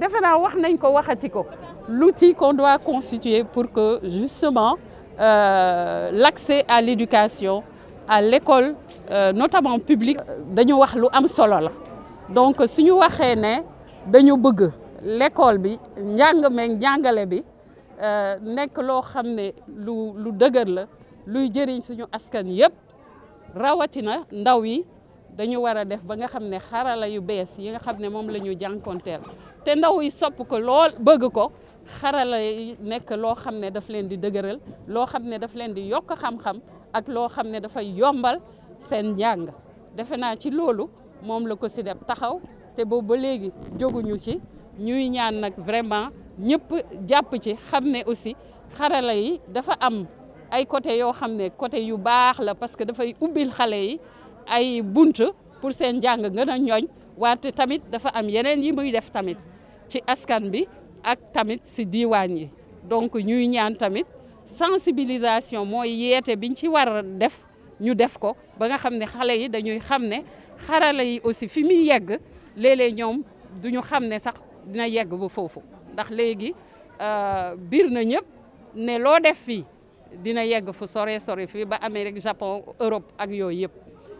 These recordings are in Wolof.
defe naa wax nañ ko waxati ko l'outil qu'on doit constituer pour que justement euh, l'accès à l'éducation à l'école euh, notamment publique dañu wax lu am solo la donc suñu waxee ne dañu bëgg l'école bi njàng meeg njàngale bi euh, nekk loo xam ne lu lu dëgër la luy jëriñ suñu askan yépp rawatina ndaw yi dañu war a def ba nga xam ne xarala yu bees yi nga xam ne moom la ñu jànkonteel te ndaw yi sopp ko lool bëgg ko xarala yi nekk loo xam ne daf leen di dëgëral loo xam ne daf leen di yokk xam ak loo xam ne dafay yombal seen njàng defe naa ci loolu moom la ko si def taxaw te boobu ba léegi jóguñu ci ñuy ñaan nag vraiment ñëpp jàpp ci xam ne aussi xarala yi dafa am ay côté yoo xam ne côté yu baax la parce que dafay ubbil xale yi ay bunte pour seen jang gën a ñooñ wante tamit dafa am yeneen yi muy def tamit ci askan bi ak tamit si yi donc ñuy ñaan tamit sensibilisation biñ ci war def ñu def ko ba nga ne yi dañuy ne yi aussi fi muy yegg léeg-léeg ne sax dina yegg ba foofu ndax léegi euh, ñëpp def dina yegg fu sore sore ba Japon Europe ak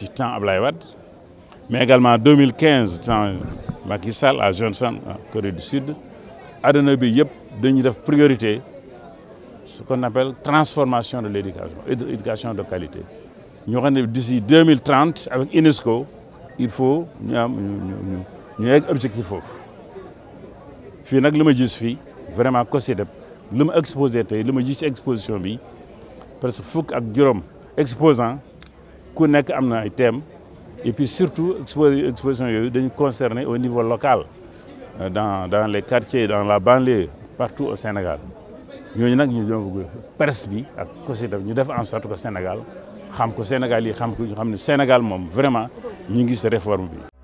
du temps Ablaye Wade, mais également en 2015 dans Macky à Johnson, en Corée du Sud. a bi yëpp dañuy def priorité ce qu'on appelle transformation de l'éducation et de l'éducation de qualité. Nous avons d'ici 2030 avec UNESCO, il faut ñu ñu objectif foofu fii vraiment li ma vraiment COSYDEP li ma exposé tey li exposition parce que fukk ak juróom exposant ku nekk am ay et puis surtout exposition yooyu dañu concerné au niveau local euh, dans dans les quartiers dans la banlieue partout au Sénégal ñu nak ñu ñoo presse bi ak COSYDEP ñu def en sorte que Sénégal xam ko Sénégal yi xam ko ñu xam ni Sénégal moom vraiment ñu ngi ci réforme bi.